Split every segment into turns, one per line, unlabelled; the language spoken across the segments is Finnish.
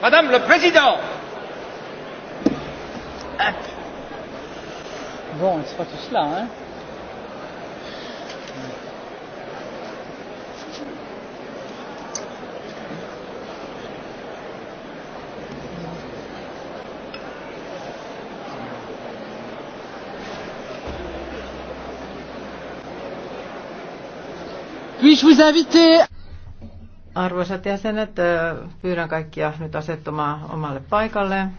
Madame le Président Bon, c'est pas tout cela, hein Puis-je vous inviter Arvoisat jäsenet, pyydän kaikkia nyt asettumaan omalle paikalleen.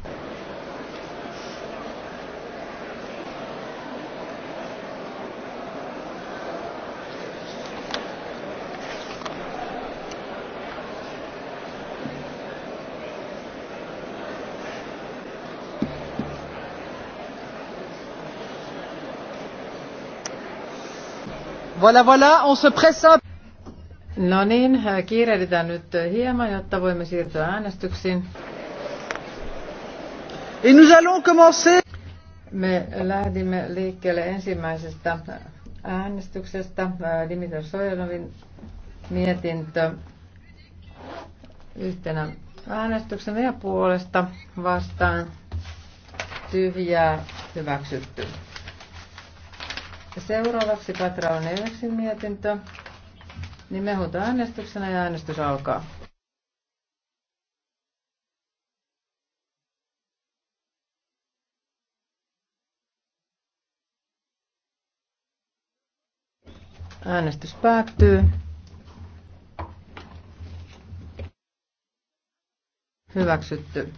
Voilà, voilà, on se presse un No niin, kiirehditään nyt hieman, jotta voimme siirtyä äänestyksiin. Et nous allons commencer. Me lähdimme liikkeelle ensimmäisestä äänestyksestä. Dimitri Sojanovin mietintö yhtenä äänestyksen ja puolesta vastaan tyhjää hyväksytty. Seuraavaksi Patraun 9 mietintö. Niin äänestyksenä ja äänestys alkaa. Äänestys päättyy. Hyväksytty.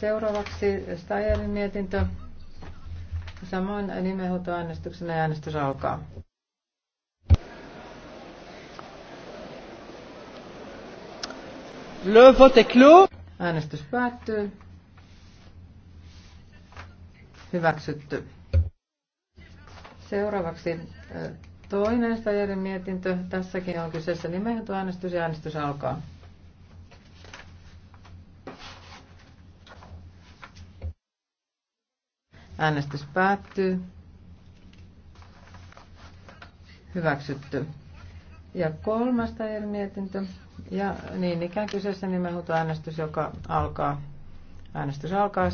Seuraavaksi Steyerin mietintö. Samoin nimenhuutoäänestyksenä ja äänestys alkaa. Le vote est clos. Äänestys päättyy. Hyväksytty. Seuraavaksi toinen Stajerin mietintö. Tässäkin on kyseessä äänestys ja äänestys alkaa. Äänestys päättyy. Hyväksytty. Ja kolmas Stajerin mietintö. Ja niin ikään kyseessä nimenhuutoäänestys, joka alkaa. Äänestys alkaa.